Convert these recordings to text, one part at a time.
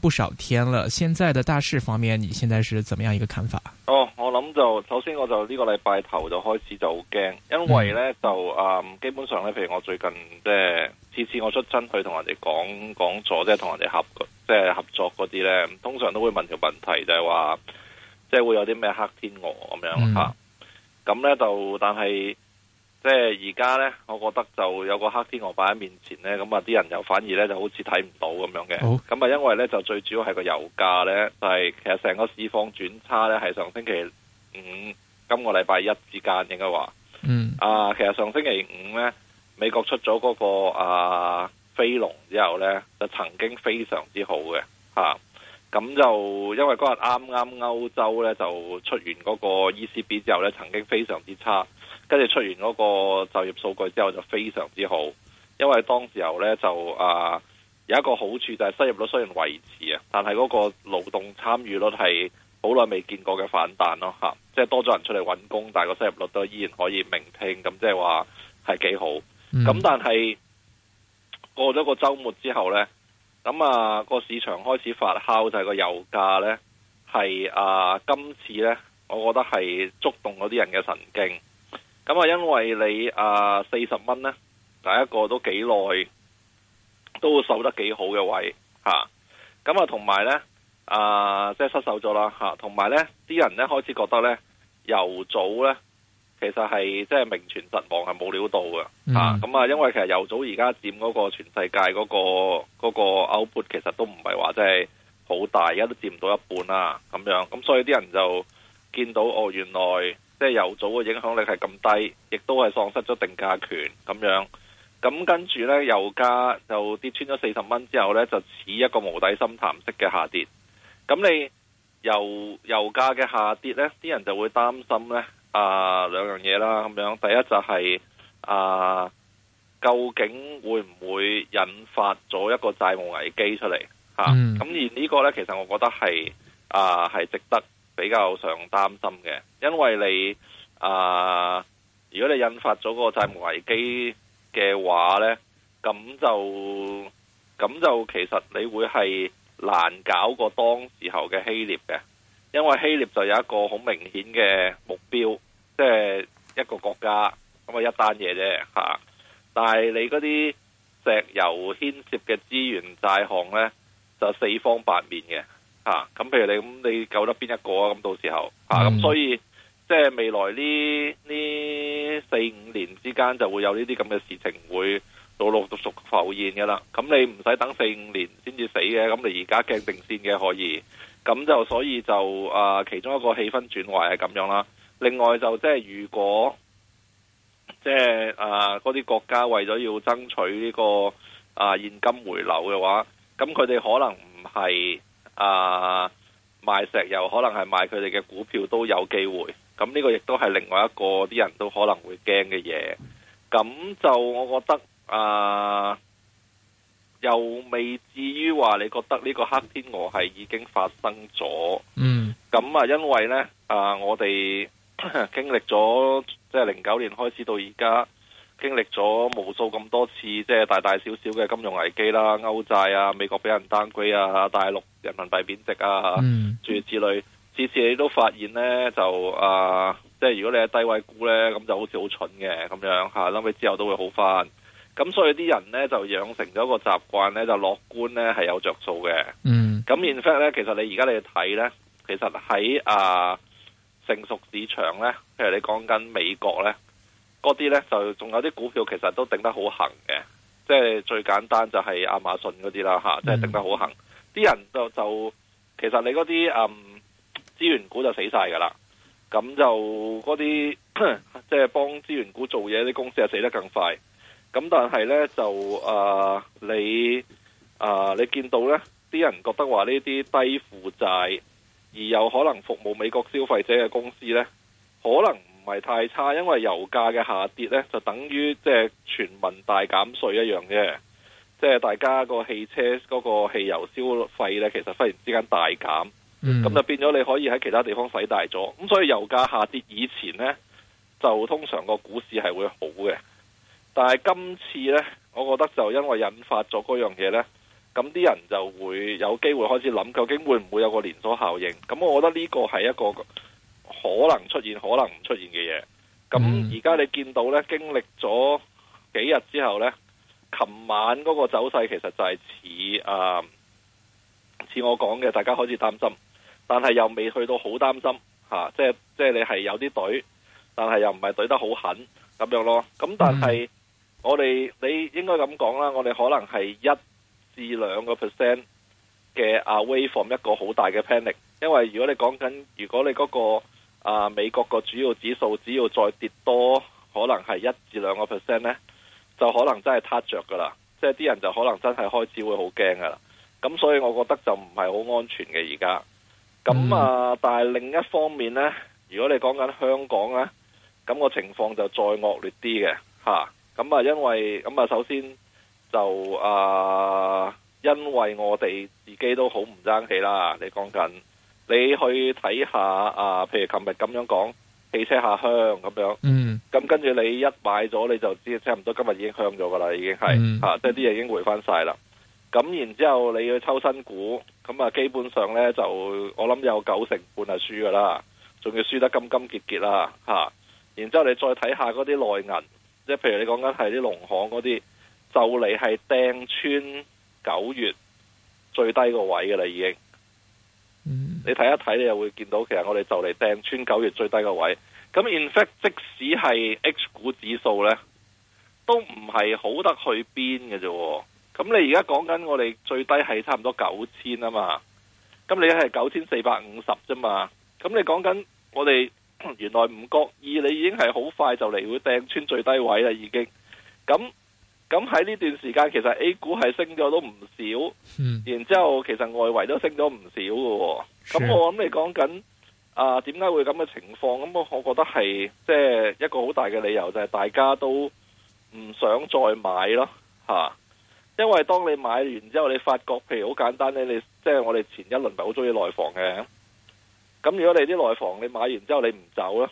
不少天了，現在的大市方面，你現在是怎麼樣一個看法？哦，我諗就首先我就呢個禮拜頭就開始就好驚，因為呢、嗯、就、呃、基本上呢，譬如我最近即係次次我出親去同人哋講講咗，即係同人哋合即係合作嗰啲呢，通常都會問條問題就係、是、話，即係會有啲咩黑天鵝咁樣吓，咁、嗯、呢就但係。即係而家呢，我覺得就有個黑天鵝擺喺面前呢。咁啊，啲人又反而呢，就好似睇唔到咁樣嘅。咁啊好，因為呢，就最主要係個油價呢，就係、是、其實成個市況轉差呢，係上星期五、今個禮拜一之間應該話。嗯啊，其實上星期五呢，美國出咗嗰、那個啊非農之後呢，就曾經非常之好嘅吓。咁、啊、就因為嗰日啱啱歐洲呢，就出完嗰個 ECB 之後呢，曾經非常之差。跟住出完嗰個就業數據之後，就非常之好，因為當時候呢就啊、呃、有一個好處，就係失業率雖然維持啊，但係嗰個勞動參與率係好耐未見過嘅反彈咯嚇，即係多咗人出嚟揾工，但係個失業率都依然可以明聽，咁即係話係幾好。咁、嗯、但係過咗個週末之後呢，咁、那、啊個市場開始發酵，就係、是、個油價呢，係啊、呃、今次呢，我覺得係觸動嗰啲人嘅神經。咁啊、嗯，因為你啊四十蚊呢，第一個都幾耐，都守得幾好嘅位嚇。咁啊，同埋呢，啊，即係失守咗啦嚇。同埋呢啲人呢，呃啊、呢人開始覺得呢，油早呢，其實係即係名存實亡，係冇料到嘅嚇。咁啊、嗯嗯，因為其實油早而家佔嗰個全世界嗰、那個嗰、那個 output，其實都唔係話即係好大，而家都佔唔到一半啦。咁樣咁、啊，所以啲人就見到哦，原來。即係油組嘅影響力係咁低，亦都係喪失咗定價權咁樣。咁跟住呢，油價就跌穿咗四十蚊之後呢，就似一個無底深潭式嘅下跌。咁你油油價嘅下跌呢，啲人就會擔心呢啊兩樣嘢啦咁樣。第一就係、是、啊、呃，究竟會唔會引發咗一個債務危機出嚟吓？咁、嗯啊、而呢個呢，其實我覺得係啊，係、呃、值得。比較常擔心嘅，因為你啊、呃，如果你引發咗個債務危機嘅話呢咁就咁就其實你會係難搞過當時候嘅希臘嘅，因為希臘就有一個好明顯嘅目標，即係一個國家咁啊一單嘢啫吓，但係你嗰啲石油牽涉嘅資源債項呢，就四方八面嘅。吓咁、啊，譬如你咁，你救得邊一個啊？咁到時候吓咁、嗯，所以即係未來呢呢四五年之間就會有呢啲咁嘅事情會陸陸續續浮現㗎喇。咁、嗯、你唔使等四五年先至死嘅，咁你而家驚定先嘅可以。咁、嗯、就所以就、啊、其中一個氣氛轉壞係咁樣啦。另外就即係如果即係嗰啲國家為咗要爭取呢、呢個啊現金回流嘅話，咁佢哋可能唔係。啊，賣石油可能係賣佢哋嘅股票都有機會。咁呢個亦都係另外一個啲人都可能會驚嘅嘢。咁就我覺得啊，又未至於話你覺得呢個黑天鵝係已經發生咗。嗯，咁啊，因為呢，啊，我哋經歷咗即係零九年開始到而家，經歷咗無數咁多次，即係大大小小嘅金融危機啦、歐債啊、美國俾人 downgrade 啊、大陸。人民幣貶值啊，諸如此類，次次你都發現咧，就啊，即係如果你係低位股咧，咁就好似好蠢嘅咁樣嚇，諗、啊、起之後都會好翻。咁所以啲人咧就養成咗個習慣咧，就樂觀咧係有着數嘅。咁、嗯、in fact 咧，其實你而家你睇咧，其實喺啊成熟市場咧，譬如你講緊美國咧，嗰啲咧就仲有啲股票其實都頂得好行嘅，即係最簡單就係亞馬遜嗰啲啦嚇，即係頂得好行。啲人就就其實你嗰啲嗯，資源股就死晒㗎喇，咁就嗰啲即係幫資源股做嘢啲公司就死得更快，咁但係呢，就啊、呃、你啊、呃、你見到呢啲人覺得話呢啲低負債而有可能服務美國消費者嘅公司呢，可能唔係太差，因為油價嘅下跌呢，就等於即係全民大減稅一樣嘅。即係大家個汽車嗰、那個汽油消費呢，其實忽然之間大減，咁、嗯、就變咗你可以喺其他地方使大咗。咁所以油價下跌以前呢，就通常個股市係會好嘅。但係今次呢，我覺得就因為引發咗嗰樣嘢呢，咁啲人就會有機會開始諗究竟會唔會有個連鎖效應。咁我覺得呢個係一個可能出現可能唔出現嘅嘢。咁而家你見到呢，經歷咗幾日之後呢。琴晚嗰個走勢其實就係似啊，似我講嘅，大家開始擔心，但係又未去到好擔心吓，啊，即係即係你係有啲懟，但係又唔係懟得好狠咁樣咯。咁但係我哋你應該咁講啦，我哋可能係一至兩個 percent 嘅啊 away from 一個好大嘅 panic。因為如果你講緊，如果你嗰、個啊美國個主要指數只要再跌多，可能係一至兩個 percent 呢，就可能真係撻着噶啦，即係啲人就可能真係開始會好驚噶啦，咁所以我覺得就唔係好安全嘅而家。咁、嗯、啊，但係另一方面呢，如果你講緊香港呢，咁個情況就再惡劣啲嘅嚇。咁啊，因為咁啊，首先就啊，因為我哋自己都好唔爭氣啦。你講緊，你去睇下啊，譬如琴日咁樣講。汽車下鄉咁樣，咁、嗯、跟住你一買咗，你就知差唔多今日已經香咗噶啦，已經係吓，即係啲嘢，已經回翻晒啦。咁然之後你去抽新股，咁啊基本上咧就我諗有九成半係輸噶啦，仲要輸得金金結結啦吓、啊。然之後你再睇下嗰啲內銀，即係譬如你講緊係啲農行嗰啲，就嚟係掟穿九月最低個位噶啦，已經。你睇一睇，你又會見到其實我哋就嚟掟穿九月最低個位。咁 in fact，即使係 H 股指數呢，都唔係好得去邊嘅啫。咁你而家講緊我哋最低係差唔多九千啊嘛。咁你係九千四百五十啫嘛。咁你講緊我哋原來唔覺意，你已經係好快就嚟會掟穿最低位啦，已經。咁咁喺呢段時間，其實 A 股係升咗都唔少，然之後其實外圍都升咗唔少噶。嗯咁我諗你講緊啊，點解會咁嘅情況？咁我我覺得係即係一個好大嘅理由，就係大家都唔想再買咯吓、啊。因為當你買完之後，你發覺，譬如好簡單咧，你即係我哋前一輪咪好中意內房嘅。咁如果你啲內房你買完之後你唔走啦，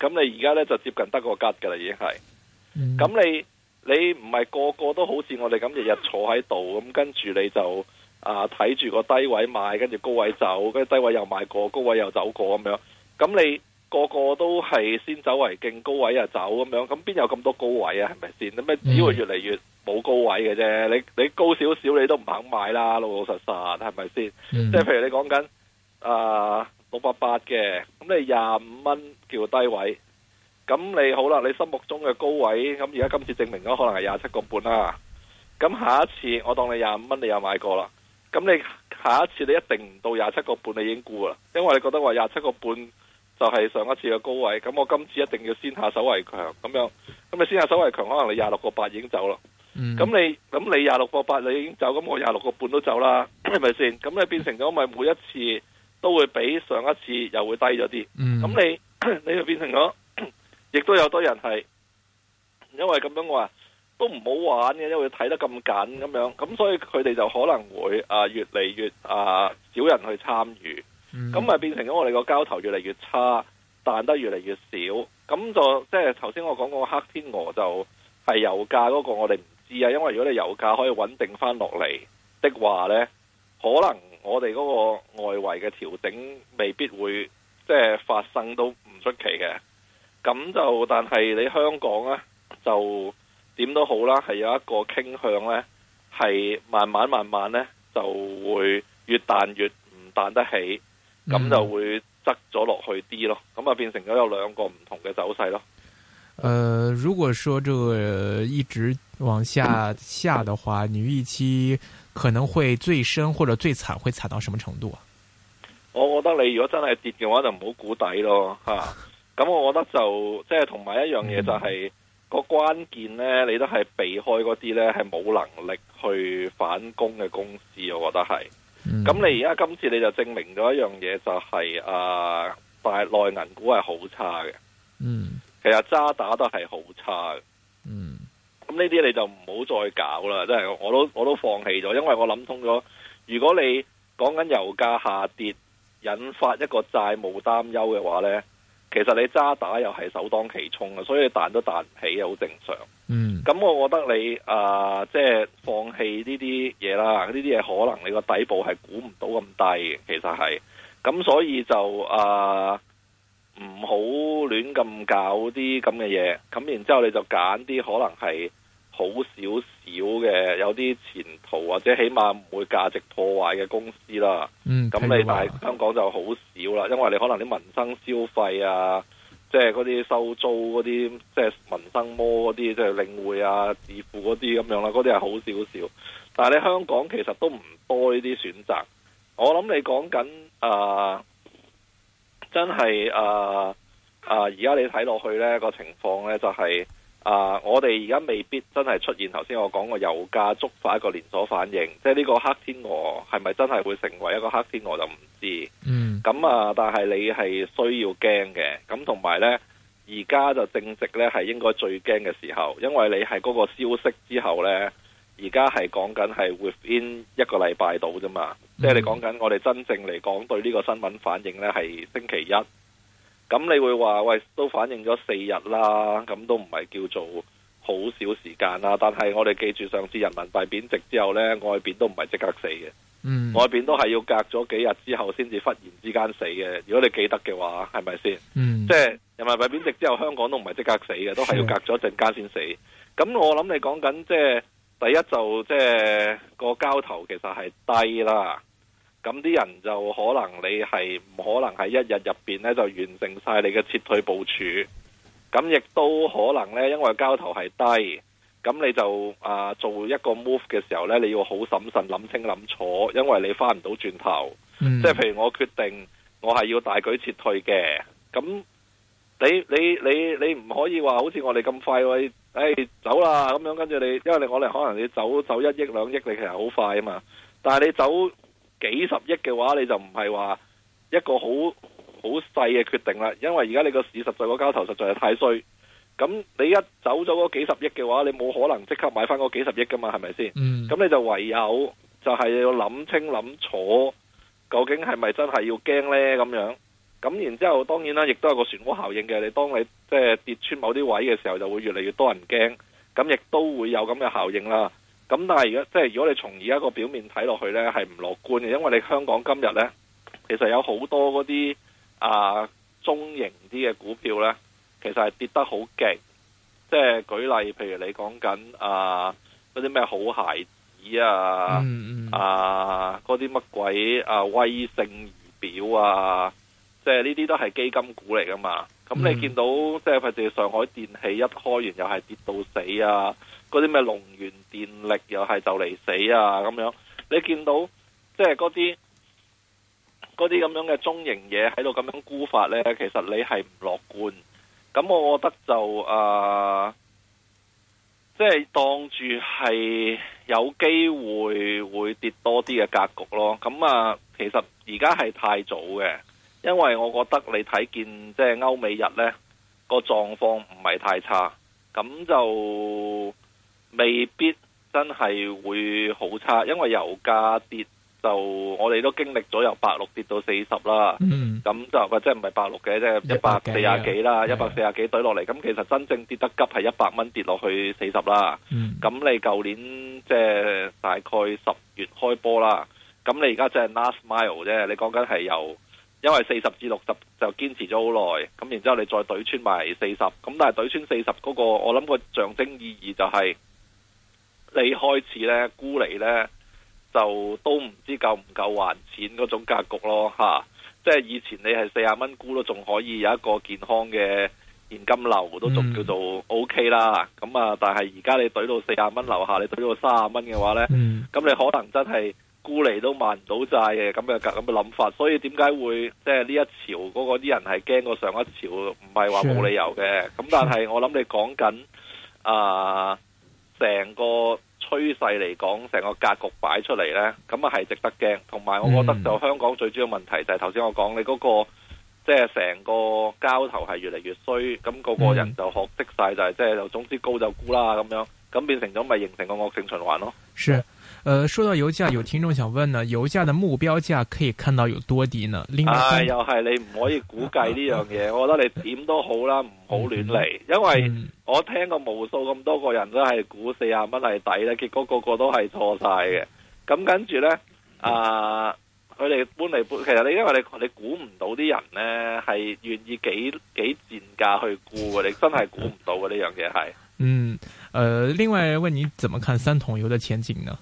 咁你而家咧就接近得個吉噶啦，已經係。咁、嗯、你你唔係個個都好似我哋咁日日坐喺度，咁跟住你就。啊！睇住個低位買，跟住高位走，跟住低位又買過，高位又走過咁樣。咁你個個都係先走為敬，高位又走咁樣。咁邊有咁多高位啊？係咪先？咁咪只會越嚟越冇高位嘅啫。你你高少少你都唔肯買啦，老老實實係咪先？是是嗯、即係譬如你講緊啊六八八嘅，咁、呃、你廿五蚊叫低位。咁你好啦，你心目中嘅高位，咁而家今次證明咗可能係廿七個半啦。咁下一次我當你廿五蚊，你又買過啦。咁你下一次你一定唔到廿七個半，你已經沽啦，因為你覺得話廿七個半就係上一次嘅高位，咁我今次一定要先下手為強，咁樣，咁你先下手為強，可能你廿六個八已經走啦。咁、嗯、你咁你廿六個八你已經走，咁我廿六個半都走啦，係咪先？咁你變成咗咪每一次都會比上一次又會低咗啲。咁、嗯、你你就變成咗，亦都有多人係因為咁樣話。都唔好玩嘅，因為睇得咁緊咁樣，咁所以佢哋就可能會啊越嚟越啊少人去參與，咁咪、嗯、變成咗我哋個交投越嚟越差，彈得越嚟越少，咁就即係頭先我講個黑天鵝就係油價嗰個，我哋唔知啊，因為如果你油價可以穩定翻落嚟的話呢，可能我哋嗰個外圍嘅調整未必會即係、就是、發生都唔出奇嘅，咁就但係你香港呢，就。點都好啦，係有一個傾向咧，係慢慢慢慢咧就會越彈越唔彈得起，咁、嗯、就會側咗落去啲咯，咁啊變成咗有兩個唔同嘅走勢咯。誒、呃，如果說這個一直往下下的話，嗯、你預期可能會最深或者最慘會慘到什麼程度啊？我覺得你如果真係跌嘅話，就唔好估底咯，吓、 啊。咁我覺得就即係、就是、同埋一樣嘢就係、是。嗯個關鍵呢，你都係避開嗰啲呢，係冇能力去反攻嘅公司，我覺得係。咁、嗯、你而家今次你就證明咗一樣嘢，就係、是、啊，但係內銀股係好差嘅。嗯，其實渣打都係好差嘅。嗯，咁呢啲你就唔好再搞啦，即係我都我都放棄咗，因為我諗通咗，如果你講緊油價下跌引發一個債務擔憂嘅話呢。其實你渣打又係首當其衝，所以彈都彈唔起又好正常。嗯，咁我覺得你啊，呃，即係放棄呢啲嘢啦，呢啲嘢可能你個底部係估唔到咁低嘅，其實係。咁所以就啊，唔好亂咁搞啲咁嘅嘢，咁然之後你就揀啲可能係。好少少嘅，有啲前途或者起碼唔會價值破壞嘅公司啦。咁、嗯、你但係是香港就好少啦，因為你可能啲民生消費啊，即係嗰啲收租嗰啲，即、就、係、是、民生摩嗰啲，即、就、係、是、領匯啊、置富嗰啲咁樣啦，嗰啲係好少少。但係你香港其實都唔多呢啲選擇，我諗你講緊啊、呃，真係啊啊！而、呃、家、呃、你睇落去咧、這個情況咧、就是，就係。啊！Uh, 我哋而家未必真係出現頭先我講個油價觸發一個連鎖反應，即係呢個黑天鵝係咪真係會成為一個黑天鵝就唔知。嗯，咁啊，但係你係需要驚嘅，咁同埋咧，而家就正值咧，係應該最驚嘅時候，因為你係嗰個消息之後咧，而家係講緊係 within 一個禮拜到啫嘛，嗯、即係你講緊我哋真正嚟講對呢個新聞反應咧，係星期一。咁你會話，喂，都反映咗四日啦，咁都唔係叫做好少時間啦。但係我哋記住上次人民幣貶值之後呢，外邊都唔係即刻死嘅，嗯、外邊都係要隔咗幾日之後先至忽然之間死嘅。如果你記得嘅話，係咪先？嗯、即係人民幣貶值之後，香港都唔係即刻死嘅，都係要隔咗陣間先死。咁的我諗你講緊即係第一就即係個交投其實係低啦。咁啲人就可能你係唔可能係一日入邊咧就完成晒你嘅撤退部署，咁亦都可能咧，因為交投係低，咁你就啊做一個 move 嘅時候咧，你要好審慎諗清諗楚，因為你翻唔到轉頭。嗯、即係譬如我決定我係要大舉撤退嘅，咁你你你你唔可以話好似我哋咁快去誒、哎、走啦咁樣，跟住你因為你我哋可能你走走一億兩億，你其實好快啊嘛，但係你走，幾十億嘅話，你就唔係話一個好好細嘅決定啦，因為而家你個市實在個交投實在係太衰，咁你一走咗嗰幾十億嘅話，你冇可能即刻買翻嗰幾十億噶嘛，係咪先？咁、嗯、你就唯有就係要諗清諗楚究竟係咪真係要驚呢？咁樣咁然之後，當然啦，亦都有個漩渦效應嘅。你當你即係、就是、跌穿某啲位嘅時候，就會越嚟越多人驚，咁亦都會有咁嘅效應啦。咁但係而家，即係如果你從而家個表面睇落去呢，係唔樂觀嘅，因為你香港今日呢，其實有好多嗰啲啊中型啲嘅股票呢，其實係跌得好勁。即係舉例，譬如你講緊啊嗰啲咩好孩子啊，嗯嗯啊嗰啲乜鬼啊威勝儀表啊。即係呢啲都係基金股嚟噶嘛，咁你見到、嗯、即係佢哋上海電器一開完又係跌到死啊，嗰啲咩龍源電力又係就嚟死啊咁樣，你見到即係嗰啲嗰啲咁樣嘅中型嘢喺度咁樣估法呢，其實你係唔樂觀，咁我覺得就誒、即、呃、係、即係、當住係有機會會跌多啲嘅格局咯，咁啊，其實而家係太早嘅。因為我覺得你睇見即係歐美日呢個狀況唔係太差，咁就未必真係會好差。因為油價跌就我哋都經歷咗由百六跌到四十啦，咁、嗯、就即係唔係百六嘅，即係一百四廿幾啦，一百四廿幾對落嚟。咁 yeah. 其實真正跌得急係一百蚊跌落去四十啦。咁、嗯、你舊年即係大概十月開波啦，咁你而家即係 last mile 啫，你講緊係由。因為四十至六十就堅持咗好耐，咁然之後你再懟穿埋四十，咁但係懟穿四十嗰個，我諗個象徵意義就係、是、你開始呢沽嚟，呢，就都唔知夠唔夠還錢嗰種格局咯，吓！即係以前你係四廿蚊沽都仲可以有一個健康嘅現金流，都仲叫做 OK 啦。咁啊、嗯，但係而家你懟到四廿蚊樓下，你懟到三十蚊嘅話呢，咁、嗯、你可能真係。沽嚟都賣唔到債嘅，咁嘅咁嘅諗法，所以點解會即係呢一潮嗰個啲人係驚過上一潮，唔係話冇理由嘅。咁是但係我諗你講緊是啊，成個趨勢嚟講，成個格局擺出嚟咧，咁啊係值得驚，同埋我覺得就香港最主要問題就係頭先我講你嗰、個，即係成個交投係越嚟越衰，咁個個人就學識晒就係即係，就總之高就沽啦咁樣咁變成咗咪、就是、形成個惡性循環咯。誒、呃，說到油價，有聽眾想問呢，油價嘅目標價可以看到有多低呢？另外、啊，又係你唔可以估計呢樣嘢。啊嗯、我覺得你點都好啦，唔好、嗯、亂嚟，因為我聽過無數咁多個人都係估四啊蚊係抵，咧，結果個個都係錯晒嘅。咁跟住呢，啊、呃，佢哋搬嚟搬。其實你因為你你估唔到啲人呢，係願意幾幾賤價去估嘅，你真係估唔到嘅呢樣嘢係。嗯，誒、呃，另外問你，怎麼看三桶油嘅前景呢？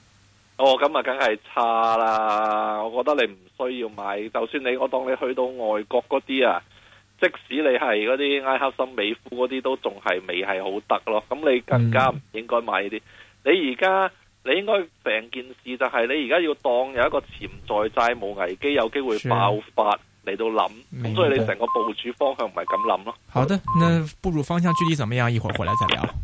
哦，咁啊，梗係差啦！我覺得你唔需要買，就算你我當你去到外國嗰啲啊，即使你係嗰啲埃克森美孚嗰啲，都仲係未係好得咯。咁你更加唔應該買呢啲，嗯。你而家你應該成件事就係你而家要當有一個潛在債務危機有機會爆發嚟到諗，咁是所以你成個部署方向唔係咁諗咯。明白的。好的，那部署方向具體怎麼樣？一會兒回來再聊。